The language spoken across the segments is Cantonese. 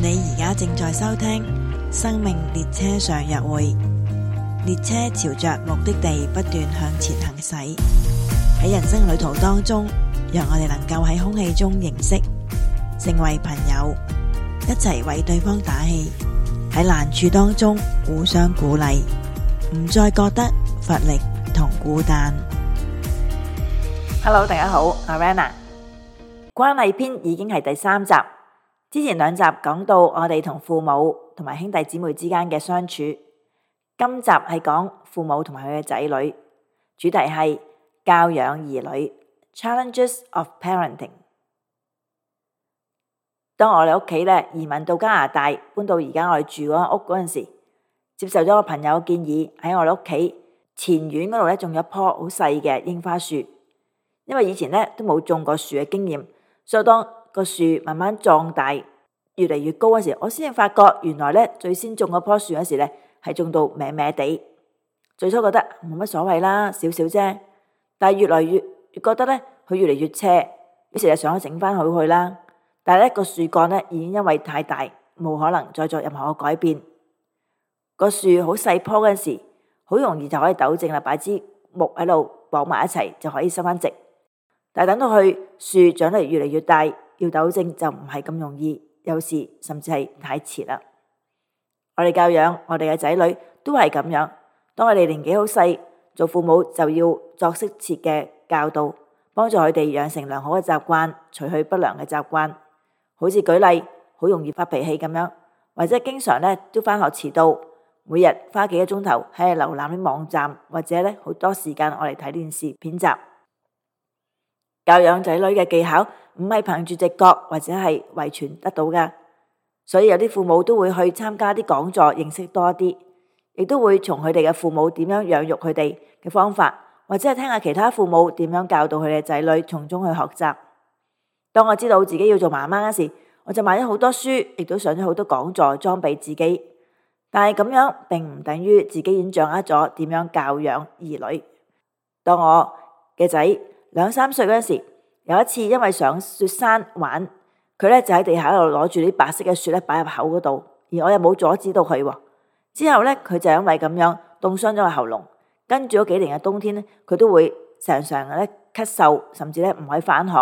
你而家正在收聽《生命列車上約會》，列車朝着目的地不斷向前行駛。喺人生旅途當中，讓我哋能夠喺空氣中認識，成為朋友，一齊為對方打氣。喺難處當中互相鼓勵，唔再覺得乏力同孤單。Hello，大家好，我係 Rana，關係篇已經係第三集。之前兩集講到我哋同父母同埋兄弟姊妹之間嘅相處，今集係講父母同埋佢嘅仔女，主題係教養兒女。Challenges of Parenting。當我哋屋企呢移民到加拿大，搬到而家我哋住嗰間屋嗰陣時，接受咗個朋友建議，喺我哋屋企前院嗰度呢，種咗一棵好細嘅櫻花樹，因為以前呢都冇種過樹嘅經驗，所以當。個樹慢慢壯大，越嚟越高嗰時，我先至發覺原來呢最先種嗰棵樹嗰時呢係種到歪歪地。最初覺得冇乜所謂啦，少少啫。但係越嚟越，越覺得呢，佢越嚟越斜，於是就想整翻好去啦。但係呢個樹幹呢，已經因為太大，冇可能再作任何改變。個樹好細棵嗰時，好容易就可以糾正啦，擺支木喺度綁埋一齊就可以收翻直。但係等到去樹長得越嚟越大。要糾正就唔係咁容易，有時甚至係太遲啦。我哋教養我哋嘅仔女都係咁樣。當我哋年紀好細，做父母就要作適切嘅教導，幫助佢哋養成良好嘅習慣，除去不良嘅習慣。好似舉例，好容易發脾氣咁樣，或者經常呢都翻學遲到，每日花幾個鐘頭喺度瀏覽啲網站，或者呢好多時間我哋睇電視片集。教養仔女嘅技巧唔係憑住直覺或者係遺傳得到噶，所以有啲父母都會去參加啲講座，認識多啲，亦都會從佢哋嘅父母點樣養育佢哋嘅方法，或者係聽下其他父母點樣教導佢哋仔女，從中去學習。當我知道自己要做媽媽嗰時，我就買咗好多書，亦都上咗好多講座，裝備自己。但係咁樣並唔等於自己已經掌握咗點樣教養兒女。當我嘅仔，兩三歲嗰陣時，有一次因為上雪山玩，佢咧就喺地下度攞住啲白色嘅雪咧，擺入口嗰度，而我又冇阻止到佢。之後咧，佢就因為咁樣凍傷咗個喉嚨，跟住嗰幾年嘅冬天咧，佢都會常常咧咳嗽，甚至咧唔可以翻學。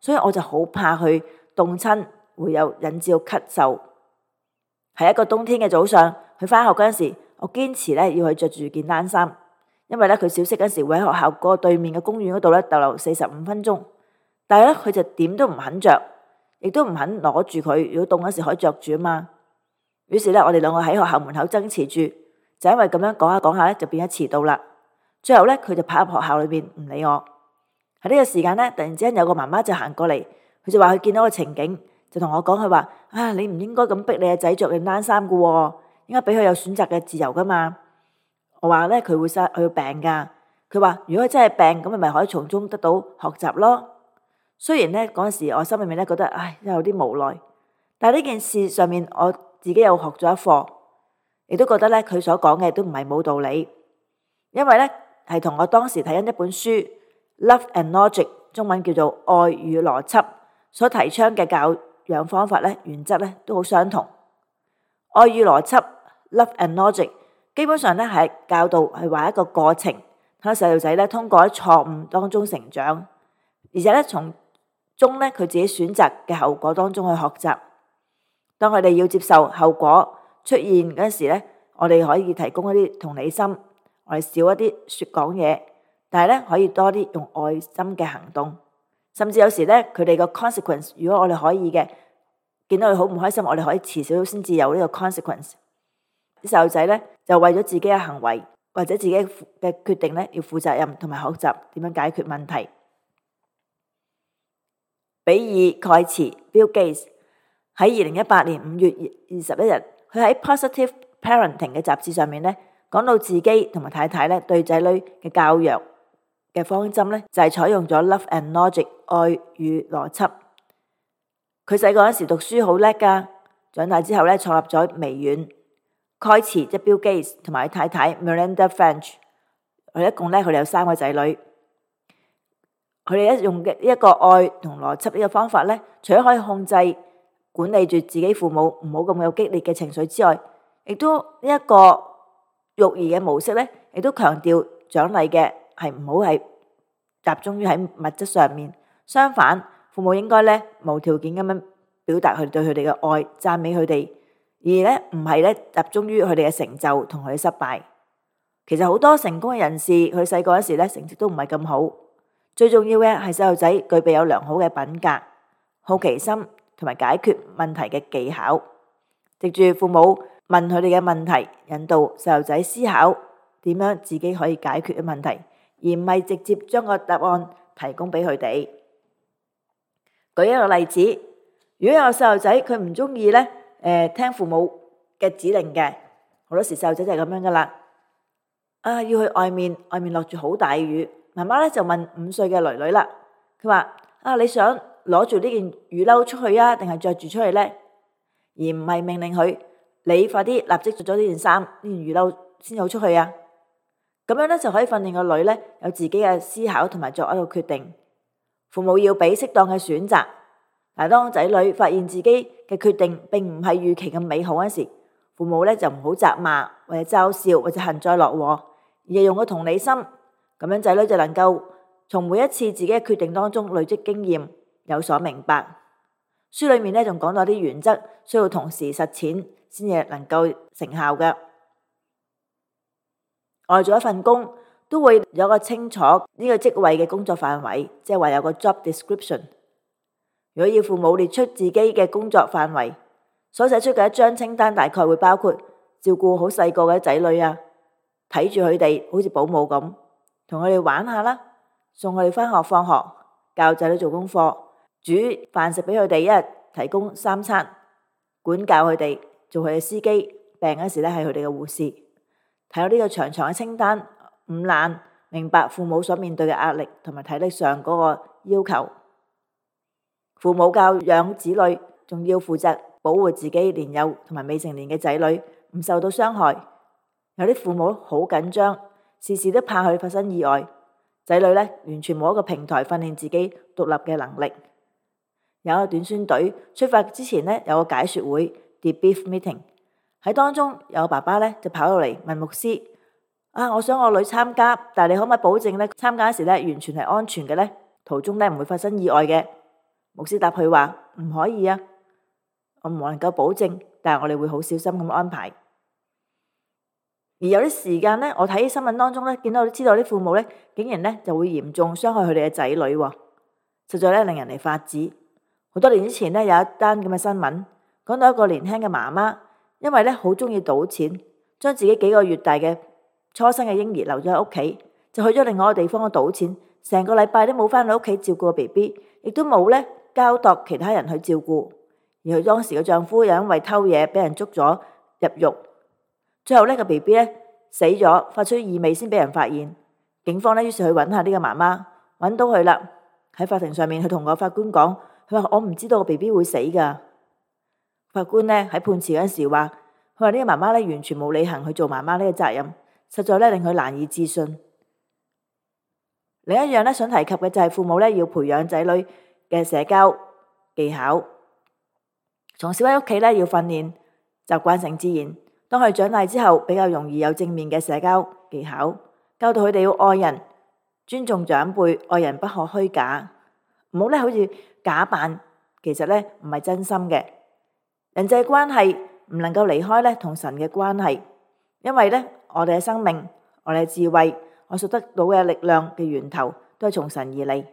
所以我就好怕佢凍親會有引致到咳嗽。喺一個冬天嘅早上，佢翻學嗰陣時，我堅持咧要去着住件冷衫。因為咧佢小息嗰時會喺學校嗰個對面嘅公園嗰度咧逗留四十五分鐘，但係咧佢就點都唔肯着，亦都唔肯攞住佢。如果凍嗰時可以着住啊嘛。於是咧我哋兩個喺學校門口爭持住，就因為咁樣講下講下咧就變咗遲到啦。最後咧佢就跑入學校裏邊唔理我。喺呢個時間咧突然之間有個媽媽就行過嚟，佢就話佢見到個情景，就同我講佢話：啊你唔應該咁逼你個仔、啊、着件冷衫噶應該俾佢有選擇嘅自由噶嘛。我話咧佢會生佢會病噶，佢話如果真係病咁，咪可以從中得到學習咯。雖然咧嗰陣時我心裏面咧覺得，唉，真有啲無奈。但係呢件事上面，我自己又學咗一課，亦都覺得咧佢所講嘅都唔係冇道理。因為咧係同我當時睇緊一本書《Love and Logic》，中文叫做《愛與邏輯》所提倡嘅教養方法咧，原則咧都好相同。愛與邏輯，《Love and Logic》。基本上咧係教導，係話一個過程，睇到細路仔咧通過喺錯誤當中成長，而且咧從中咧佢自己選擇嘅後果當中去學習。當佢哋要接受後果出現嗰時咧，我哋可以提供一啲同理心，我哋少一啲說講嘢，但係咧可以多啲用愛心嘅行動，甚至有時咧佢哋嘅 consequence，如果我哋可以嘅，見到佢好唔開心，我哋可以遲少少先至有呢個 consequence。啲細路仔呢，就為咗自己嘅行為或者自己嘅決定呢，要負責任，同埋學習點樣解決問題。比爾蓋茨 Bill Gates 喺二零一八年五月二十一日，佢喺《Positive Parenting》嘅雜誌上面呢，講到自己同埋太太呢對仔女嘅教育嘅方針呢，就係採用咗 Love and Logic 愛與邏輯。佢細個嗰時讀書好叻㗎，長大之後呢，創立咗微軟。蓋茨即係 Bill Gates 同埋佢太太 Melinda French，佢哋一共咧，佢哋有三個仔女，佢哋一用呢一個愛同邏輯呢個方法咧，除咗可以控制管理住自己父母唔好咁有激烈嘅情緒之外，亦都呢一個育兒嘅模式咧，亦都強調獎勵嘅係唔好係集中於喺物質上面，相反，父母應該咧無條件咁樣表達佢對佢哋嘅愛，讚美佢哋。而呢唔係呢集中於佢哋嘅成就同佢嘅失敗，其實好多成功嘅人士，佢細個嗰時呢成績都唔係咁好。最重要嘅係細路仔具備有良好嘅品格、好奇心同埋解決問題嘅技巧。藉住父母問佢哋嘅問題，引導細路仔思考點樣自己可以解決嘅問題，而唔係直接將個答案提供俾佢哋。舉一個例子，如果有細路仔佢唔中意呢。誒，聽父母嘅指令嘅，好多時細路仔就係咁樣噶啦。啊，要去外面，外面落住好大雨，媽媽咧就問五歲嘅女女啦，佢話：啊，你想攞住呢件雨褸出去啊，定係着住出去呢？而唔係命令佢，你快啲立即着咗呢件衫，呢件雨褸先好出去啊！咁樣咧就可以訓練個女咧有自己嘅思考同埋作一個決定。父母要俾適當嘅選擇。嗱，當仔女發現自己嘅決定並唔係預期咁美好嗰時，父母咧就唔好責罵或者嘲笑或者幸災樂禍，而係用個同理心，咁樣仔女就能夠從每一次自己嘅決定當中累積經驗，有所明白。書裡面咧仲講到啲原則，需要同時實踐先至能夠成效嘅。我哋做一份工都會有個清楚呢個職位嘅工作範圍，即係話有個 job description。如果要父母列出自己嘅工作範圍，所寫出嘅一張清單，大概會包括照顧好細個嘅仔女啊，睇住佢哋好似保姆咁，同佢哋玩下啦，送佢哋翻學放學，教仔女做功課，煮飯食俾佢哋一日提供三餐，管教佢哋，做佢嘅司機，病嗰時呢係佢哋嘅護士，睇到呢個長長嘅清單唔難明白父母所面對嘅壓力同埋體力上嗰個要求。父母教養子女，仲要負責保護自己年幼同埋未成年嘅仔女唔受到傷害。有啲父母好緊張，事事都怕佢發生意外，仔女呢，完全冇一個平台訓練自己獨立嘅能力。有一個短宣隊出發之前呢，有個解説會 d e b i f f Meeting） 喺當中，有個爸爸呢，就跑到嚟問牧師：啊，我想我女參加，但係你可唔可以保證呢？參加時呢，完全係安全嘅呢？途中呢，唔會發生意外嘅？牧師答佢話唔可以啊，我唔能夠保證，但係我哋會好小心咁安排。而有啲時間呢，我睇新聞當中呢，見到我知道啲父母呢，竟然呢就會嚴重傷害佢哋嘅仔女，實在呢，令人哋發指。好多年以前呢，有一單咁嘅新聞，講到一個年輕嘅媽媽，因為呢好中意賭錢，將自己幾個月大嘅初生嘅嬰兒留咗喺屋企，就去咗另外一個地方去賭錢，成個禮拜都冇翻到屋企照顧個 B B，亦都冇呢。交託其他人去照顧，而佢當時嘅丈夫又因為偷嘢，俾人捉咗入獄，最後呢個 B B 咧，死咗，發出異味先俾人發現。警方呢，於是去揾下呢個媽媽，揾到佢啦，喺法庭上面佢同個法官講，佢話我唔知道個 B B 會死噶。法官呢，喺判詞嗰陣時話，佢話呢個媽媽咧完全冇履行去做媽媽呢個責任，實在咧令佢難以置信。另一樣咧想提及嘅就係父母咧要培養仔女。嘅社交技巧，從小喺屋企呢要訓練，習慣成自然。當佢長大之後，比較容易有正面嘅社交技巧。教導佢哋要愛人、尊重長輩、愛人不可虛假，唔好呢好似假扮，其實呢唔係真心嘅。人際關係唔能夠離開呢同神嘅關係，因為呢我哋嘅生命、我哋嘅智慧、我所得到嘅力量嘅源頭都係從神而嚟。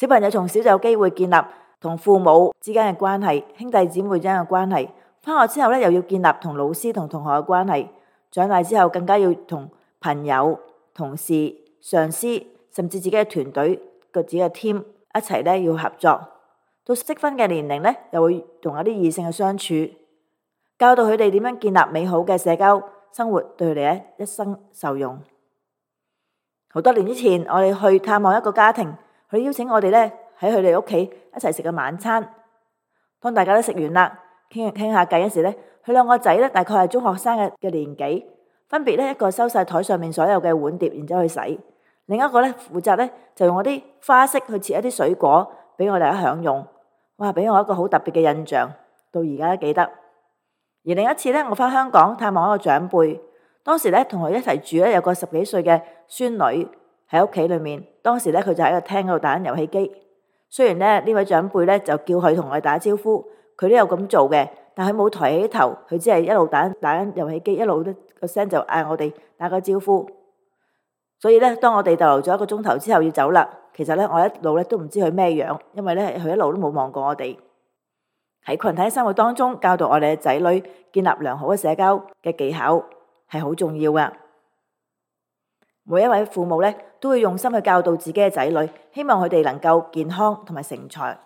小朋友從小就有機會建立同父母之間嘅關係、兄弟姊妹之間嘅關係。翻學之後呢，又要建立同老師同同學嘅關係。長大之後，更加要同朋友、同事、上司，甚至自己嘅團隊各自嘅 team 一齊呢，要合作。到適婚嘅年齡呢，又會同一啲異性嘅相處，教導佢哋點樣建立美好嘅社交生活，對佢哋呢一生受用。好多年之前，我哋去探望一個家庭。佢邀請我哋咧喺佢哋屋企一齊食個晚餐，當大家都食完啦，傾傾下偈嗰時咧，佢兩個仔咧大概係中學生嘅嘅年紀，分別咧一個收晒台上面所有嘅碗碟，然之後去洗，另一個咧負責咧就用我啲花式去切一啲水果俾我哋享用，哇！俾我一個好特別嘅印象，到而家都記得。而另一次咧，我翻香港探望一個長輩，當時咧同佢一齊住咧有個十幾歲嘅孫女。喺屋企裏面，當時咧佢就喺個廳度打緊遊戲機。雖然咧呢位長輩咧就叫佢同我哋打招呼，佢都有咁做嘅，但係佢冇抬起頭，佢只係一路打打緊遊戲機，一路咧個聲就嗌我哋打個招呼。所以咧，當我哋逗留咗一個鐘頭之後要走啦，其實咧我一路咧都唔知佢咩樣，因為咧佢一路都冇望過我哋。喺群體生活當中，教導我哋嘅仔女建立良好嘅社交嘅技巧，係好重要噶。每一位父母咧，都會用心去教導自己嘅仔女，希望佢哋能夠健康同埋成才。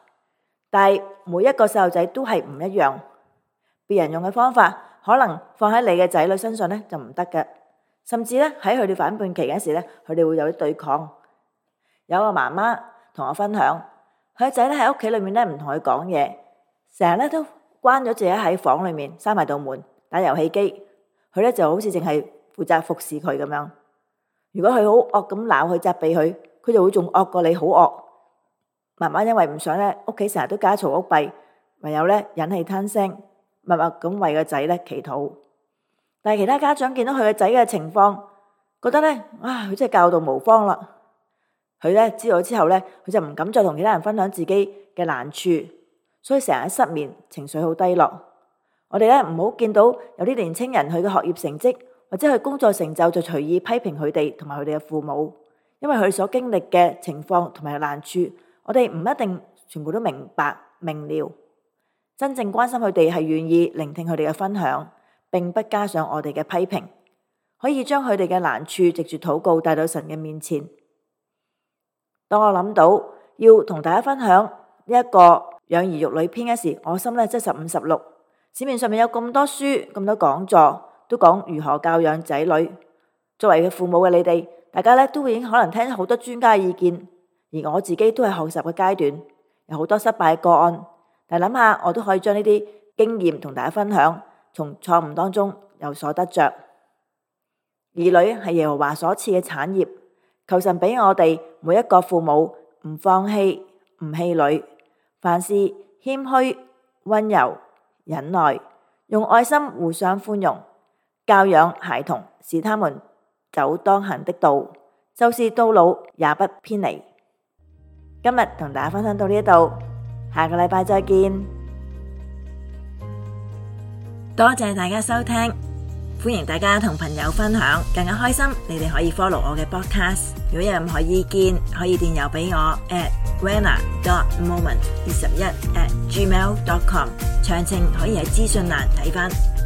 但係每一個細路仔都係唔一樣，別人用嘅方法可能放喺你嘅仔女身上咧就唔得嘅，甚至咧喺佢哋反叛期嗰時咧，佢哋會有啲對抗。有個媽媽同我分享，佢個仔咧喺屋企裏面咧唔同佢講嘢，成日咧都關咗自己喺房裏面，閂埋道門打遊戲機，佢咧就好似淨係負責服侍佢咁樣。如果佢好惡咁鬧佢責備佢，佢就會仲惡過你好惡。媽媽因為唔想咧，屋企成日都家嘈屋閉，唯有咧忍氣吞聲，默默咁為個仔咧祈禱。但係其他家長見到佢個仔嘅情況，覺得咧啊，佢真係教導無方啦。佢咧知道之後咧，佢就唔敢再同其他人分享自己嘅難處，所以成日失眠，情緒好低落。我哋咧唔好見到有啲年青人佢嘅學業成績，或者係工作成就，就隨意批評佢哋同埋佢哋嘅父母，因為佢所經歷嘅情況同埋難處，我哋唔一定全部都明白明了真正關心佢哋係願意聆聽佢哋嘅分享，並不加上我哋嘅批評，可以將佢哋嘅難處藉住禱告帶到神嘅面前。當我諗到要同大家分享呢、這、一個養兒育女篇嘅時，我心咧即十五十六，市面上面有咁多書，咁多講座。都講如何教養仔女。作為嘅父母嘅你哋，大家咧都已經可能聽好多專家意見，而我自己都係學習嘅階段，有好多失敗嘅個案。但諗下，我都可以將呢啲經驗同大家分享，從錯誤當中有所得着。兒女係耶和華所賜嘅產業，求神俾我哋每一個父母唔放棄、唔棄女，凡事謙虛、溫柔、忍耐，用愛心互相寬容。教養孩童，使他們走當行的道，就是到老也不偏離。今日同大家分享到呢一度，下個禮拜再見。多謝大家收聽歡迎大家同朋友分享，更加開心。你哋可以 follow 我嘅 podcast，如果有任何意見，可以電郵俾我 at rana dot moment 二十一 at gmail dot com，詳情可以喺資訊欄睇返。